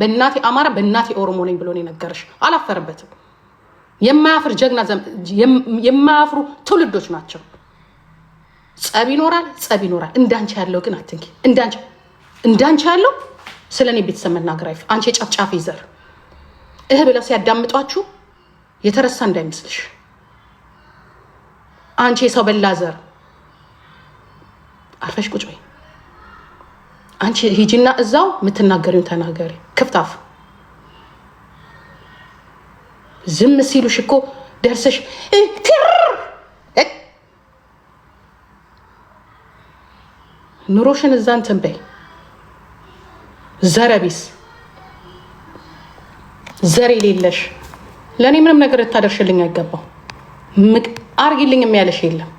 በእናቴ አማራ በእናቴ ኦሮሞ ነኝ ብሎ ነው የነገረሽ። አላፈርበትም። የማያፍር ጀግና፣ የማያፍሩ ትውልዶች ናቸው። ጸብ ይኖራል፣ ጸብ ይኖራል። እንዳንቺ ያለው ግን አትንኪ። እንዳንቺ ያለው ስለ እኔ ቤተሰብ መናገር አይፍ አንቺ የጨፍጫፊ ዘር እህ ብለው ሲያዳምጧችሁ የተረሳ እንዳይመስልሽ። አንቺ የሰው በላ ዘር አርፈሽ ቁጭ በይ። አንቺ ሂጂና እዛው የምትናገሪውን ተናገሪ። ክፍታፍ ዝም ሲሉሽ እኮ ደርሰሽ ኑሮሽን እዛ እንትን በይ። ዘረቢስ ዘር የሌለሽ ለእኔ ምንም ነገር ልታደርሽልኝ አይገባው። አርጊልኝ የሚያለሽ የለም።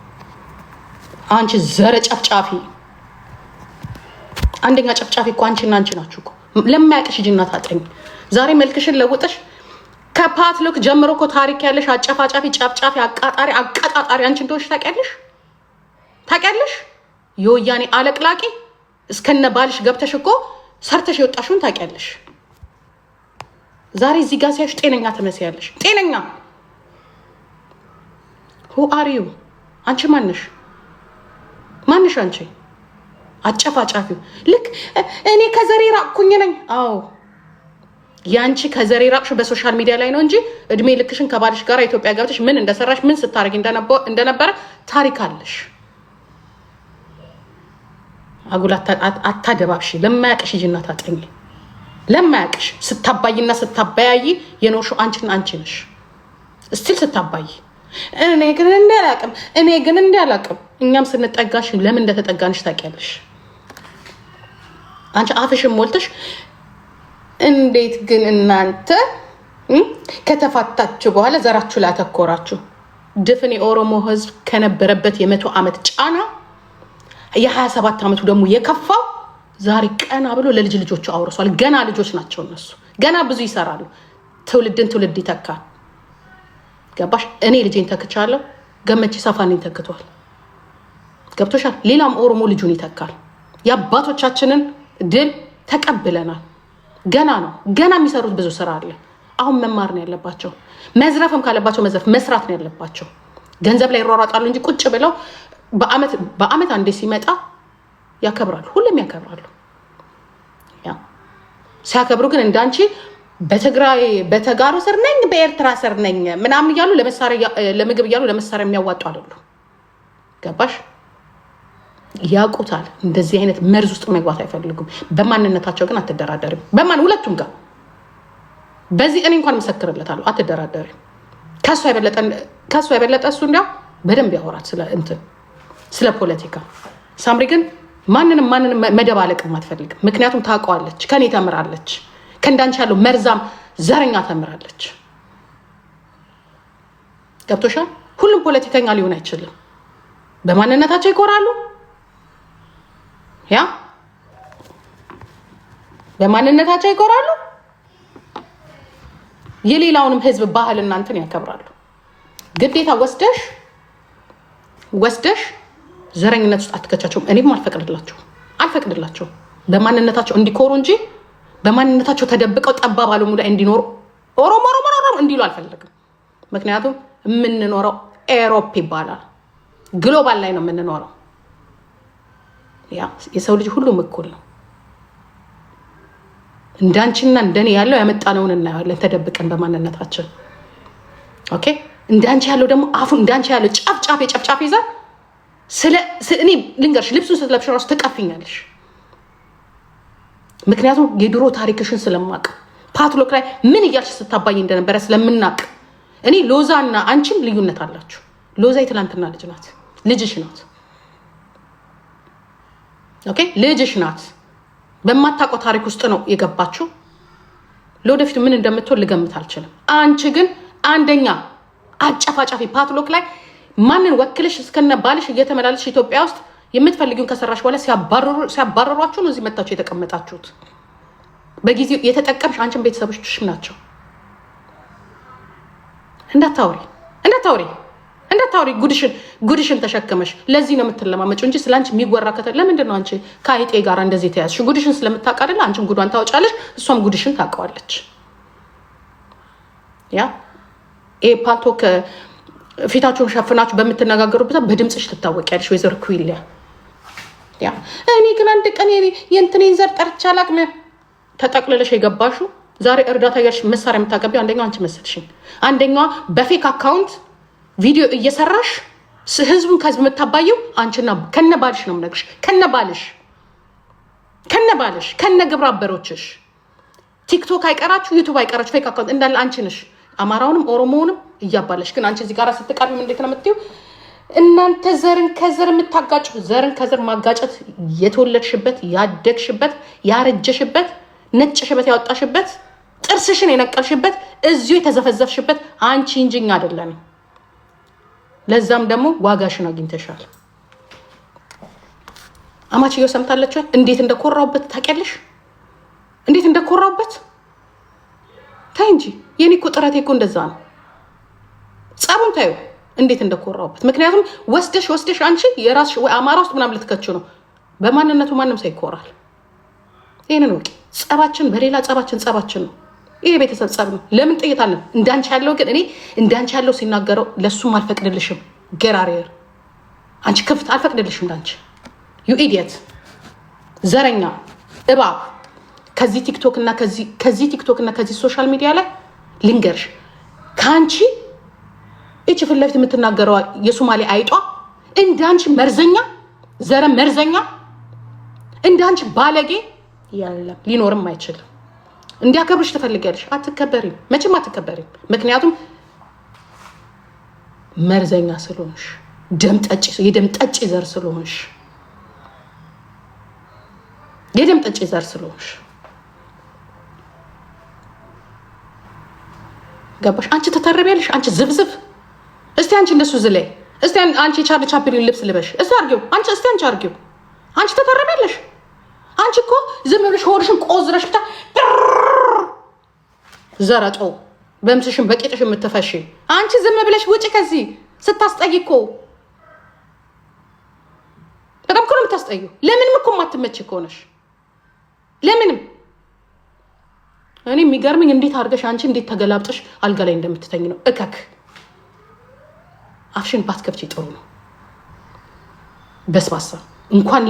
አንቺ ዘረ ጫፊ አንደኛ ጨፍጫፊ እኮ አንቺና አንቺ ናችሁ እኮ። ለማያቅሽ ሂጂና ታጠኝ ዛሬ መልክሽን ለውጠሽ ከፓትሎክ ጀምሮ እኮ ታሪክ ያለሽ አጨፋጫፊ፣ ጨፍጫፊ፣ አቃጣሪ፣ አቀጣጣሪ አንቺ እንደሆንሽ ታውቂያለሽ፣ ታውቂያለሽ። የወያኔ አለቅላቂ እስከነ ባልሽ ገብተሽ እኮ ሰርተሽ የወጣሽውን ታውቂያለሽ። ዛሬ እዚህ ጋር ሲያዩሽ ጤነኛ ትመስያለሽ። ጤነኛ ሁ አር ዩ አንቺ ማነሽ? ማነሽ አንቺ አጨፋጫፊው ልክ እኔ ከዘሬ ራቅኩኝ ነኝ። አዎ ያንቺ ከዘሬ ራቅሽ በሶሻል ሚዲያ ላይ ነው እንጂ እድሜ ልክሽን ከባልሽ ጋር ኢትዮጵያ ገብተሽ ምን እንደሰራሽ ምን ስታደርጊ እንደነበረ ታሪክ አለሽ። አጉል አታደባብሽ። ለማያቅሽ ይጅና ታጠኝ። ለማያቅሽ ስታባይና ስታባያይ የኖርሽው አንቺን አንቺ ነሽ። እስቲል ስታባይ እኔ ግን እንዳላቅም እኔ ግን እንዳላቅም እኛም ስንጠጋሽ ለምን እንደተጠጋንሽ ታውቂያለሽ። አንቺ አፍሽን ሞልተሽ እንዴት ግን እናንተ ከተፋታችሁ በኋላ ዘራችሁ ላተኮራችሁ ድፍን የኦሮሞ ህዝብ ከነበረበት የመቶ ዓመት ጫና የ27 ዓመቱ ደግሞ የከፋው ዛሬ ቀና ብሎ ለልጅ ልጆቹ አውርሷል። ገና ልጆች ናቸው እነሱ ገና ብዙ ይሰራሉ። ትውልድን ትውልድ ይተካል። ገባሽ? እኔ ልጄን ተክቻለሁ። ገመቺ ሰፋኔን ተክቷል። ገብቶሻል? ሌላም ኦሮሞ ልጁን ይተካል። የአባቶቻችንን ድል ተቀብለናል። ገና ነው። ገና የሚሰሩት ብዙ ስራ አለ። አሁን መማር ነው ያለባቸው። መዝረፍም ካለባቸው መዝረፍ፣ መስራት ነው ያለባቸው። ገንዘብ ላይ ይሯሯጣሉ እንጂ ቁጭ ብለው በአመት አንዴ ሲመጣ ያከብራሉ። ሁሉም ያከብራሉ። ሲያከብሩ ግን እንዳንቺ በትግራይ በተጋሩ ስር ነኝ በኤርትራ ስር ነኝ ምናምን እያሉ ለምግብ እያሉ ለመሳሪያ የሚያዋጡ አይደሉ። ገባሽ? ያውቁታል። እንደዚህ አይነት መርዝ ውስጥ መግባት አይፈልጉም። በማንነታቸው ግን አትደራደርም። በማን ሁለቱም ጋር በዚህ እኔ እንኳን መሰክርለታለሁ። አትደራደርም። ከሱ የበለጠ እሱ እንዲያው በደንብ ያወራል ስለ እንትን ስለ ፖለቲካ። ሳምሪ ግን ማንንም ማንንም መደባለቅም አትፈልግም። ምክንያቱም ታውቀዋለች፣ ከኔ ተምራለች፣ ከእንዳንቺ ያለው መርዛም ዘረኛ ተምራለች። ገብቶሻል። ሁሉም ፖለቲከኛ ሊሆን አይችልም። በማንነታቸው ይኮራሉ። ያ በማንነታቸው ይኮራሉ፣ የሌላውንም ህዝብ ባህል እናንትን ያከብራሉ። ግዴታ ወስደሽ ወስደሽ ዘረኝነት ውስጥ አትከቻቸውም። እኔም አልፈቅድላቸው አልፈቅድላቸው በማንነታቸው እንዲኮሩ እንጂ በማንነታቸው ተደብቀው ጠባብ ዓለሙ ላይ እንዲኖሩ ኦሮሞ ኦሮሞ ኦሮሞ እንዲሉ አልፈልግም። ምክንያቱም የምንኖረው ኤሮፕ ይባላል፣ ግሎባል ላይ ነው የምንኖረው። ያ የሰው ልጅ ሁሉም እኩል ነው። እንዳንቺና እንደኔ ያለው ያመጣነውን እናየዋለን ተደብቀን በማንነታችን። ኦኬ እንዳንቺ ያለው ደግሞ አፉ እንዳንቺ ያለው ጫፍ ጫፍ የጨፍጫፍ ይዛ እኔ ልንገርሽ፣ ልብሱን ስትለብሽ ራሱ ትቀፊኛለሽ። ምክንያቱም የድሮ ታሪክሽን ስለማቅ ፓትሎክ ላይ ምን እያልሽ ስታባኝ እንደነበረ ስለምናቅ እኔ ሎዛ እና አንቺም ልዩነት አላችሁ። ሎዛ የትላንትና ልጅ ናት፣ ልጅሽ ናት። ኦኬ ልጅሽ ናት። በማታውቀው ታሪክ ውስጥ ነው የገባችው። ለወደፊቱ ምን እንደምትሆን ልገምት አልችልም። አንቺ ግን አንደኛ አጨፋጫፊ ፓትሎክ ላይ ማንን ወክልሽ እስከነ ባልሽ እየተመላለሽ ኢትዮጵያ ውስጥ የምትፈልጊውን ከሰራሽ በኋላ ሲያባረሯችሁ ነው እዚህ መታችሁ የተቀመጣችሁት። በጊዜው የተጠቀምሽ አንቺን ቤተሰቦችሽ ናቸው። እንዳታውሪ እንዳታውሪ እንዳታወሪ ጉድሽን ጉድሽን ተሸክመሽ ለዚህ ነው የምትለማመጪው እንጂ ስለ አንቺ የሚወራ ከተ ለምንድን ነው አንቺ ከአይጤ ጋር እንደዚህ የተያዝሽ? ጉድሽን ስለምታቃደለ አይደለ? አንቺም ጉዷን ታወጫለች፣ እሷም ጉድሽን ታውቀዋለች። ያ ይሄ ፓልቶ ፊታችሁን ሸፍናችሁ በምትነጋገሩበት በድምፅሽ ትታወቂያለሽ። ወይዘሮ ኩዊሊያ እኔ ግን አንድ ቀን የእንትኔን ዘር ጠርቼ አላቅም። ተጠቅልለሽ የገባሹ ዛሬ እርዳታ እያልሽ መሳሪያ የምታቀቢው አንደኛዋ አንቺ መሰልሽኝ። አንደኛዋ በፌክ አካውንት ቪዲዮ እየሰራሽ ህዝቡን ከህዝብ የምታባየው አንቺና ከነ ባልሽ ነው የምነግርሽ። ከነ ባልሽ ከነ ባልሽ ከነ ግብረ አበሮችሽ ቲክቶክ አይቀራችሁ ዩቱብ አይቀራችሁ ፌክ አካውንት እንዳለ አንቺ ነሽ። አማራውንም ኦሮሞውንም እያባለሽ ግን አንቺ እዚህ ጋር ስትቀርብ እንዴት ነው የምትይው? እናንተ ዘርን ከዘር የምታጋጩ ዘርን ከዘር ማጋጨት የተወለድሽበት ያደግሽበት ያረጀሽበት ነጭ ሽበት ያወጣሽበት ጥርስሽን የነቀልሽበት እዚሁ የተዘፈዘፍሽበት አንቺ እንጂ እኛ አይደለንም። ለዛም ደግሞ ዋጋሽን አግኝተሻል። አማችየው ሰምታለች። እንዴት እንደኮራውበት ታውቂያለሽ? እንዴት እንደኮራውበት ታይ እንጂ የኔ እኮ ጥረቴ እኮ እንደዛ ነው። ጸቡን ታዩ እንዴት እንደኮራውበት። ምክንያቱም ወስደሽ ወስደሽ አንቺ የራስሽ ወይ አማራ ውስጥ ምናምን ልትከችው ነው። በማንነቱ ማንም ሳይኮራል። ይህንን ወቂ። ጸባችን በሌላ ጸባችን ጸባችን ነው ይሄ ቤተሰብ ጸብ ነው። ለምን ጥይት አለን? እንዳንቺ ያለው ግን እኔ እንዳንቺ ያለው ሲናገረው ለእሱም አልፈቅድልሽም። ገራሬር አንቺ ክፍት አልፈቅድልሽም። እንዳንቺ ዩ ኢዲየት ዘረኛ እባብ። ከዚህ ቲክቶክ እና ከዚህ ቲክቶክ እና ከዚህ ሶሻል ሚዲያ ላይ ልንገርሽ ከአንቺ ይቺ ፊት ለፊት የምትናገረው የሶማሌ አይጧ እንዳንቺ መርዘኛ ዘረ መርዘኛ እንዳንቺ ባለጌ ያለም ሊኖርም አይችልም። እንዲያከብርሽ ትፈልጊያለሽ። አትከበሪም፣ መቼም አትከበሪም። ምክንያቱም መርዘኛ ስለሆንሽ፣ የደም ጠጭ ዘር ስለሆንሽ፣ የደም ጠጭ ዘር ስለሆንሽ ገባሽ? አንቺ ተተርቢያለሽ። አንቺ ዝብዝብ። እስቲ አንቺ እንደሱ ዝላይ። እስቲ አንቺ የቻርሊ ቻፕሊን ልብስ ልበሽ። እስቲ አርጊው። አንቺ እስቲ አንቺ አርጊው። አንቺ ተተርቢያለሽ። አንቺ እኮ ዝም ብለሽ ሆድሽን ቆዝረሽ ብታ ዘረጦ በምስሽን በቂጥሽ የምትፈሽ አንቺ ዝም ብለሽ ውጭ ከዚህ ስታስጠይ እኮ በጣም እኮ ነው የምታስጠዩ። ለምንም እኮ የማትመች ከሆነሽ ለምንም እኔ የሚገርምኝ እንዴት አድርገሽ አንቺ እንዴት ተገላብጠሽ አልጋ ላይ እንደምትተኝ ነው። እከክ አፍሽን ባትከፍቺ ጥሩ ነው። በስባሳ እንኳን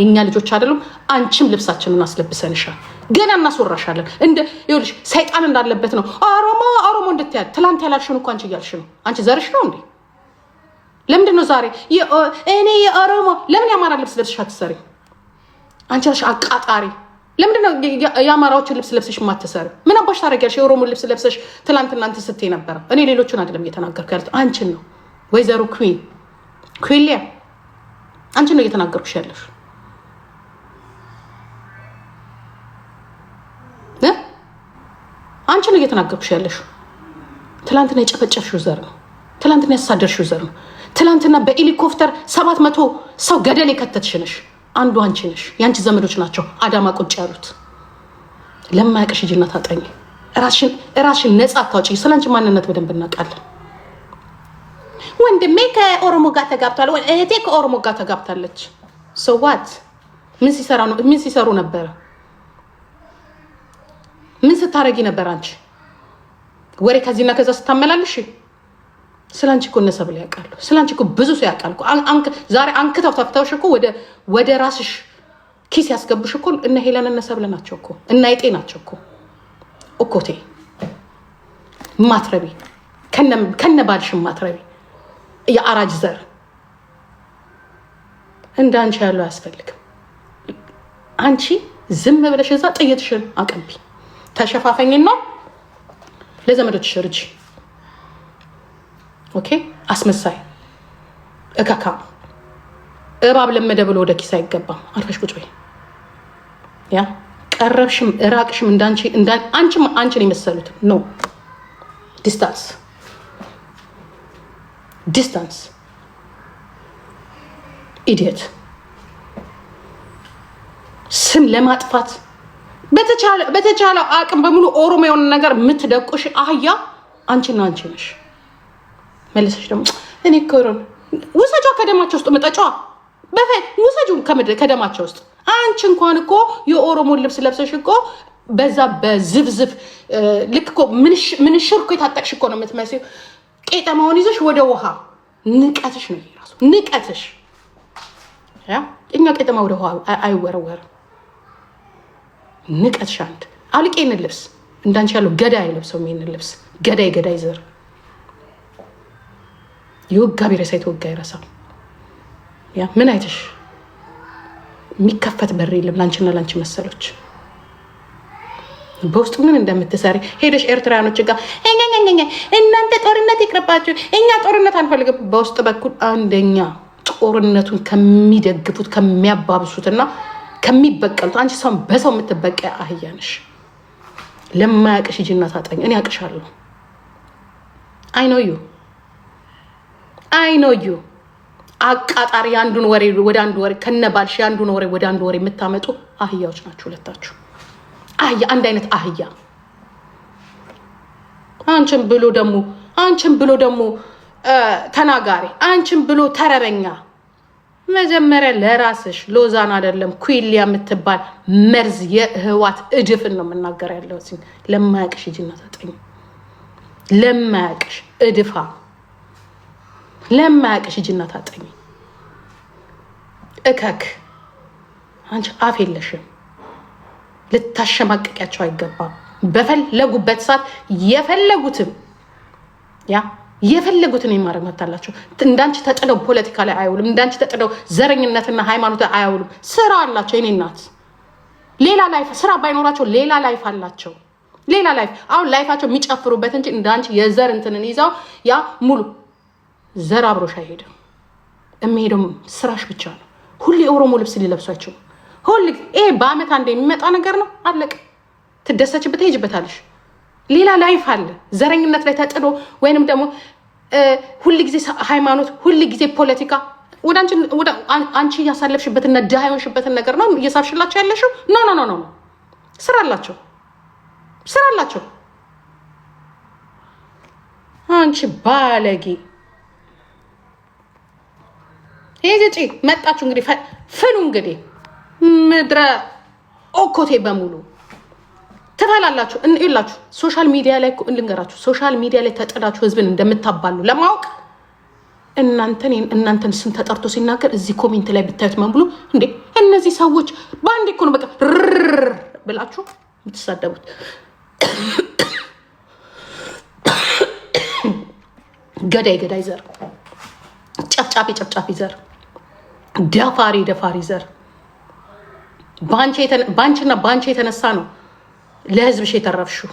የእኛ ልጆች አይደሉም፣ አንቺም ልብሳችንን አስለብሰንሻል። ገና እናስወራሻለን። እንደ ይኸውልሽ ሰይጣን እንዳለበት ነው። አሮሞ ኦሮሞ እንድትያል ትላንት ያላልሽን እኮ አንቺ እያልሽ ነው። አንቺ ዘርሽ ነው እንዴ? ለምንድን ነው ዛሬ እኔ የኦሮሞ ለምን የአማራ ልብስ ለብስሽ አትሰሪ? አንቺ ያልሽ አቃጣሪ ለምንድን ነው የአማራዎችን ልብስ ለብሰሽ የማትሰሪ? ምን አባሽ ታደርጊያለሽ? የኦሮሞ ልብስ ለብሰሽ ትላንት እናንተ ስትይ ነበረ። እኔ ሌሎቹን አይደለም እየተናገርኩ ያሉት አንቺን ነው። ወይዘሮ ኩዊን ኩሊያ አንቺ ነው እየተናገርኩሽ ያለሽ። አንቺ ነው እየተናገርኩሽ ያለሽ። ትላንትና የጨፈጨፍሽው ዘር ነው። ትላንትና ያሳደርሽው ዘር ነው። ትላንትና በሄሊኮፕተር ሰባት መቶ ሰው ገደል የከተትሽ ነሽ። አንዱ አንቺ ነሽ። የአንቺ ዘመዶች ናቸው አዳማ ቁጭ ያሉት። ለማያውቅሽ ሂጂና ታጠኚ። ራሽን ነፃ አታውጪ። ስለ አንቺ ማንነት በደንብ እናውቃለን። ወንድሜ ከኦሮሞ ጋር ተጋብቷል፣ እህቴ ከኦሮሞ ጋር ተጋብታለች። ሰዋት ምን ሲሰሩ ነበረ? ምን ስታረጊ ነበር አንቺ? ወሬ ከዚህና ከዛ ስታመላልሽ። ስለ አንቺ እኮ እነ ሰብለ ያውቃሉ። ስለ አንቺ እኮ ብዙ ሰው ያውቃል። ዛሬ አንክተው ተፍተውሽ እኮ ወደ ራስሽ ኪስ ያስገቡሽ እኮ እነ ሄለን እነሰብለ ናቸው እኮ እና የጤ ናቸው እኮ እኮቴ ማትረቢ ከነ ባልሽ ማትረቢ የአራጅ ዘር እንደ አንቺ ያለው አያስፈልግም። አንቺ ዝም ብለሽ እዛ ጥይትሽን አቅንቢ፣ ተሸፋፈኝና ለዘመዶች ርጅ። ኦኬ አስመሳይ እካካ እባብ ለመደ ብሎ ወደ ኪስ አይገባም። አርፈሽ ቁጭ ያ ቀረብሽም እራቅሽም አንቺን የመሰሉት ነው ዲስታንስ ዲስታንስ ኢዲየት ስም ለማጥፋት በተቻለ አቅም በሙሉ ኦሮሞ የሆነ ነገር የምትደቁሽ አህያ አንቺና አንቺ ነሽ። መለሰች ደግሞ እኔ ከሮም ውሰጇ፣ ከደማቸው ውስጥ መጠጫዋ በፈት ውሰጁ፣ ከደማቸው ውስጥ አንቺ እንኳን እኮ የኦሮሞን ልብስ ለብሰሽ እኮ በዛ በዝፍዝፍ ልክ እኮ ምንሽር እኮ የታጠቅሽ እኮ ነው የምትመስይው። ቄጠማውን ይዘሽ ወደ ውሃ ንቀትሽ ነው ራሱ ንቀትሽ። እኛ ቄጠማ ወደ ውሃ አይወረወርም። ንቀትሽ አንድ አልቄ እንልብስ እንዳንቺ ያለው ገዳይ አይለብሰውም። ይሄንን ልብስ ገዳይ ገዳይ ዘር የወጋ ቢረሳ የተወጋ ይረሳል። ምን አይተሽ የሚከፈት በር የለም ለአንቺና ለአንቺ መሰሎች። በውስጥ ምን እንደምትሰሪ ሄደሽ ኤርትራያኖች ጋር እናንተ ጦርነት ይቅርባችሁ፣ እኛ ጦርነት አንፈልግም። በውስጥ በኩል አንደኛ ጦርነቱን ከሚደግፉት ከሚያባብሱትና ከሚበቀሉት አንቺ ሰውን በሰው የምትበቀ አህያ ነሽ። ለማያቅሽ ሂጂና ታጠኝ። እኔ አቅሻለሁ። አይ ኖ ዩ አይ ኖ ዩ አቃጣሪ፣ የአንዱን ወሬ ወደ አንዱ ወሬ ከነባልሽ፣ የአንዱን ወሬ ወደ አንዱ ወሬ የምታመጡ አህያዎች ናችሁ ሁለታችሁ። አህያ አንድ አይነት አህያ አንቺን ብሎ ደግሞ አንቺን ብሎ ደግሞ ተናጋሪ አንቺን ብሎ ተረበኛ። መጀመሪያ ለራስሽ ሎዛን አይደለም ኩዊሊያ የምትባል መርዝ የህዋት እድፍን ነው የምናገር ያለው ሲ ለማያቅሽ እጅና ተጠኝ ለማያቅሽ እድፋ ለማያቅሽ እጅና ታጠኝ። እከክ አንቺ አፍ የለሽም። ልታሸማቀቂያቸው አይገባም። በፈለጉበት ሰዓት የፈለጉትን ያ የፈለጉትን የማድረግ መብት አላቸው። እንዳንቺ ተጥደው ፖለቲካ ላይ አያውሉም። እንዳንቺ ተጥደው ዘረኝነትና ሃይማኖት ላይ አያውሉም። ስራ አላቸው። የኔ እናት ሌላ ላይፍ ስራ ባይኖራቸው ሌላ ላይፍ አላቸው። ሌላ ላይፍ አሁን ላይፋቸው የሚጨፍሩበት እንጂ እንዳንቺ የዘር እንትንን ይዛው ያ ሙሉ ዘር አብሮሽ አይሄድም። የሚሄደው ስራሽ ብቻ ነው። ሁሌ ኦሮሞ ልብስ ሊለብሷቸው ሁል ይሄ በአመት አንድ የሚመጣ ነገር ነው። አለቅ ትደሰችበት ትሄጅበታለሽ። ሌላ ላይፍ አለ። ዘረኝነት ላይ ተጥሎ ወይንም ደግሞ ሁል ጊዜ ሃይማኖት፣ ሁል ጊዜ ፖለቲካ ወደ አንቺ እያሳለፍሽበትና ድሃ የሆንሽበትን ነገር ነው እየሳብሽላቸው ያለሽው። ኖ ኖ ኖ ኖ ስራ አላቸው፣ ስራ አላቸው። አንቺ ባለጌ ይህ ጭ መጣችሁ እንግዲህ ፍሉ እንግዲህ ምድረ ኦኮቴ በሙሉ ትፈላላችሁ እንላችሁ ሶሻል ሚዲያ ላይ እንልንገራችሁ፣ ሶሻል ሚዲያ ላይ ተጠዳችሁ ህዝብን እንደምታባሉ ለማወቅ እናንተን እናንተን ስም ተጠርቶ ሲናገር እዚህ ኮሜንት ላይ ብታዩት መንብሉ እንዴ እነዚህ ሰዎች በአንድ ኮነ በቃ ርር ብላችሁ የምትሳደቡት። ገዳይ ገዳይ ዘር፣ ጨፍጫፊ ጨፍጫፊ ዘር፣ ደፋሪ ደፋሪ ዘር ባንቺና ባንቺ የተነሳ ነው ለህዝብሽ የተረፍሽው።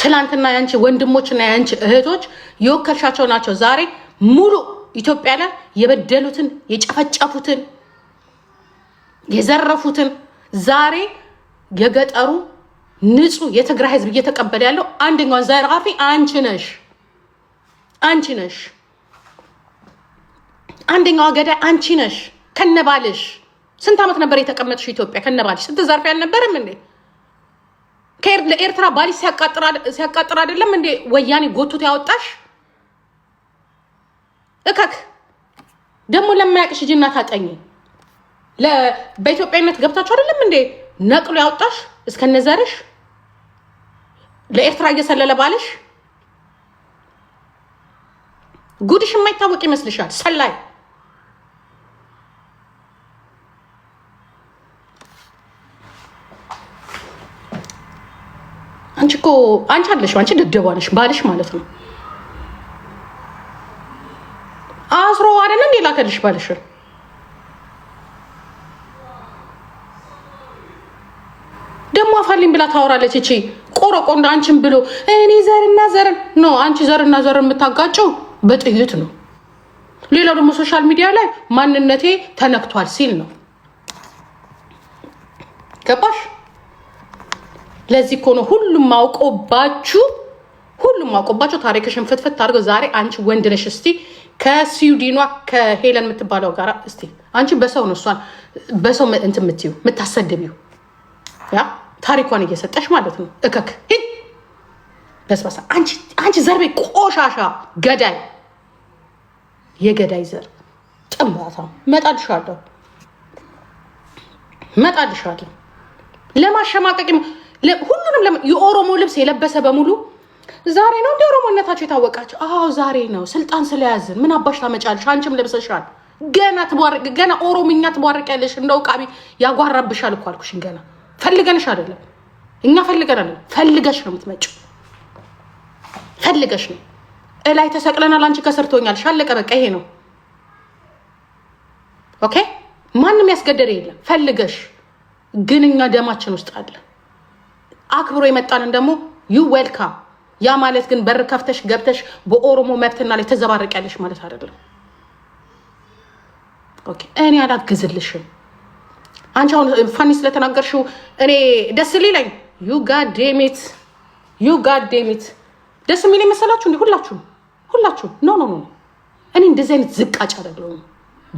ትላንትና ያንቺ ወንድሞችና ያንቺ እህቶች የወከልሻቸው ናቸው ዛሬ ሙሉ ኢትዮጵያ ላይ የበደሉትን የጨፈጨፉትን የዘረፉትን ዛሬ የገጠሩ ንጹህ የትግራይ ህዝብ እየተቀበለ ያለው አንደኛው ዘራፊ አንቺ ነሽ፣ አንቺ ነሽ። አንደኛዋ ገዳይ አንቺ ነሽ ከነባልሽ። ስንት ዓመት ነበር የተቀመጥሽ ኢትዮጵያ ከነባልሽ? ስትዘርፊ አልነበረም እንዴ? ለኤርትራ ባሊ ሲያቃጥር አይደለም እንዴ ወያኔ ጎቱት ያወጣሽ? እከክ ደግሞ ለማያቅሽ እጅና ታጠኝ። በኢትዮጵያዊነት ገብታችሁ አይደለም እንዴ ነቅሎ ያወጣሽ እስከነዘርሽ ለኤርትራ እየሰለለ ባልሽ ጉድሽ የማይታወቅ ይመስልሻል? ሰላይ እኮ አንቺ አለሽ አንቺ ደደባለሽ ባልሽ ማለት ነው። አስሮ አይደለ እንዴ ላከልሽ ባልሽ ደግሞ አፋልኝ ብላ ታወራለች። እቺ ቆረቆንዳ አንቺን ብሎ እኔ ዘርና ዘርን ኖ አንቺ ዘርና ዘርን የምታጋጨው በጥይት ነው። ሌላው ደግሞ ሶሻል ሚዲያ ላይ ማንነቴ ተነክቷል ሲል ነው። ገባሽ? ለዚህ እኮ ነው ሁሉም አውቆባችሁ ሁሉም አውቆባቸው ታሪክሽን ፍትፍት አድርገው ዛሬ አንቺ ወንድ ነሽ። እስቲ ከስዊድኗ ከሄለን የምትባለው ጋር እስቲ አንቺ በሰው ነው እሷን በሰው እንትን የምትይው የምታሰድቢው ያ ታሪኳን እየሰጠሽ ማለት ነው። እከክ ሂድ በስባሳ አንቺ ዘር ቤት ቆሻሻ ገዳይ፣ የገዳይ ዘር ጥምባታ መጣልሻለሁ፣ መጣልሻለሁ ለማሸማቀቅ ሁሉንም የኦሮሞ ልብስ የለበሰ በሙሉ ዛሬ ነው እንደ ኦሮሞነታቸው የታወቃቸው። አዎ ዛሬ ነው ስልጣን ስለያዝን ምን አባሽ ታመጫለሽ? አንቺም ለብሰሻል። ገና ትቧርቅ ገና ኦሮምኛ ትቧርቅ ያለሽ እንደው ቃቢ ያጓራብሻል እኮ አልኩሽን። ገና ፈልገንሽ አይደለም እኛ ፈልገን አለ ፈልገሽ ነው የምትመጪው። ፈልገሽ ነው እላይ ተሰቅለናል። አንቺ ከሰርቶኛል። ሻለቀ በቃ ይሄ ነው ኦኬ። ማንም ያስገደደ የለም። ፈልገሽ ግን እኛ ደማችን ውስጥ አለ አክብሮ የመጣንን ደግሞ ዩ ዌልካም። ያ ማለት ግን በር ከፍተሽ ገብተሽ በኦሮሞ መብትና ላይ ተዘባርቂያለሽ ማለት አይደለም። እኔ አላግዝልሽም። አንቺ አሁን ፋኒ ስለተናገርሽው እኔ ደስ ሊለኝ ዩ ጋዴሚት ዩ ጋዴሚት ደስ የሚል የመሰላችሁ እንዲ ሁላችሁ ሁላችሁ ኖ ኖ ኖ። እኔ እንደዚህ አይነት ዝቃጭ አይደለሁም።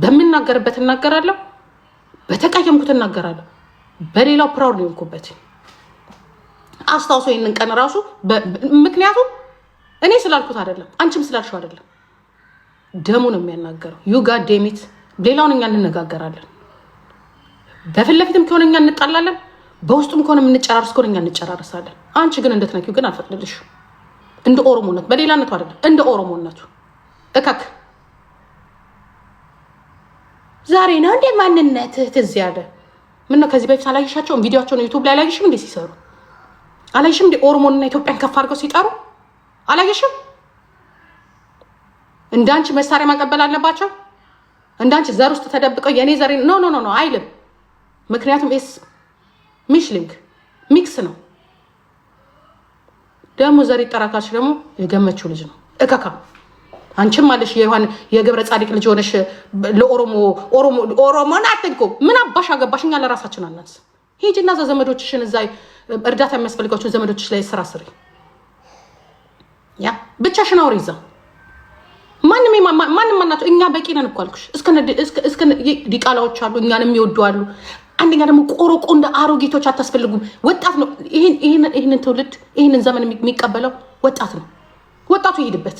በምናገርበት እናገራለሁ፣ በተቀየምኩት እናገራለሁ፣ በሌላው ፕራውድ ሊሆንኩበት አስታውሶ ይህንን ቀን ራሱ ምክንያቱም እኔ ስላልኩት አይደለም፣ አንቺም ስላልሽው አይደለም። ደሙ ነው የሚያናገረው። ዩጋ ዴሚት ሌላውን እኛ እንነጋገራለን። በፊት ለፊትም ከሆነ እኛ እንጣላለን፣ በውስጡም ከሆነ የምንጨራርስ ከሆነ እኛ እንጨራርሳለን። አንቺ ግን እንደትነኪው ግን አልፈቅድልሽ። እንደ ኦሮሞነቱ በሌላነቱ አይደለም፣ እንደ ኦሮሞነቱ እከክ ዛሬ ነው እንደ ማንነት ትዝ ያለ ምነው ከዚህ በፊት አላየሻቸውም? ቪዲዮቸውን ዩቱብ ላይ አላየሽም እንዴ ሲሰሩ አላየሽም እንዴ? ኦሮሞንና ኢትዮጵያን ከፍ አድርገው ሲጠሩ አላየሽም? እንዳንቺ መሳሪያ ማቀበል አለባቸው። እንዳንቺ ዘር ውስጥ ተደብቀው የኔ ዘር ኖ ኖ ኖ አይልም። ምክንያቱም ስ ሚሽሊንግ ሚክስ ነው። ደግሞ ዘር ይጠራካች ደግሞ የገመችው ልጅ ነው እከካ አንቺም አለሽ የገብረ ጻዲቅ ልጅ ሆነሽ ለኦሮሞ ኦሮሞን አትንኩ። ምን አባሽ አገባሽኛ? ለራሳችን አናንስ ሂጂና እዛ ዘመዶችሽን እዛ እርዳታ የሚያስፈልጋቸው ዘመዶችሽ ላይ ስራ ስሪ። ያ ብቻሽን አውሪ እዛ ማንም ማንም እኛ በቂ ነን እኮ አልኩሽ። ዲቃላዎች አሉ፣ እኛን የሚወዱ አሉ። አንደኛ ደግሞ ቆሮቆ እንደ አሮጌቶች አታስፈልጉም። ወጣት ነው ይህንን ትውልድ ይህንን ዘመን የሚቀበለው ወጣት ነው። ወጣቱ ይሄድበት።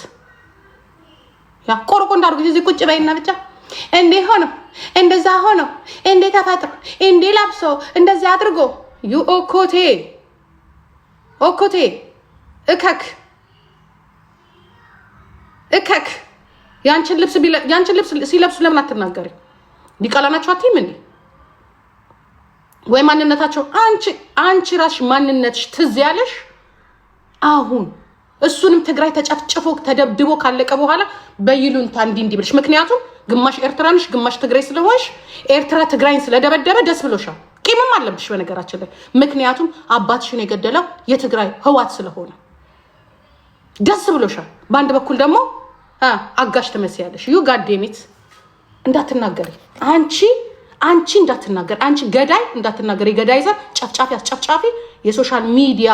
ቆሮቆ እንደ አሮጌቶች ቁጭ በይና ብቻ እንዴ ሆኖ እንደዛ ሆኖ እንዴ ተፈጥሮ እንዴ ለብሶ እንደዚህ አድርጎ ዩ ኦኮቴ ኦኮቴ እከክ እከክ ያንቺን ልብስ ያንቺን ልብስ ሲለብሱ ለምን አትናገሪ? ዲቃላ ናቸው አትይም እንዴ? ወይ ማንነታቸው አንቺ አንቺ ራስሽ ማንነትሽ ትዝ ያለሽ አሁን እሱንም ትግራይ ተጨፍጭፎ ተደብድቦ ካለቀ በኋላ በይሉንታ እንዲህ እንዲህ ብለሽ ምክንያቱም ግማሽ ኤርትራ ነሽ ግማሽ ትግራይ ስለሆንሽ ኤርትራ ትግራይን ስለደበደበ ደስ ብሎሻል። ቂምም አለብሽ በነገራችን ላይ ምክንያቱም አባትሽን የገደለው የትግራይ ህዋት ስለሆነ ደስ ብሎሻል። በአንድ በኩል ደግሞ አጋሽ ትመስያለሽ። ዩ ጋዴሚት እንዳትናገሪ አንቺ አንቺ እንዳትናገር አንቺ ገዳይ እንዳትናገር የገዳይ ዘር ጨፍጫፊ አስጨፍጫፊ የሶሻል ሚዲያ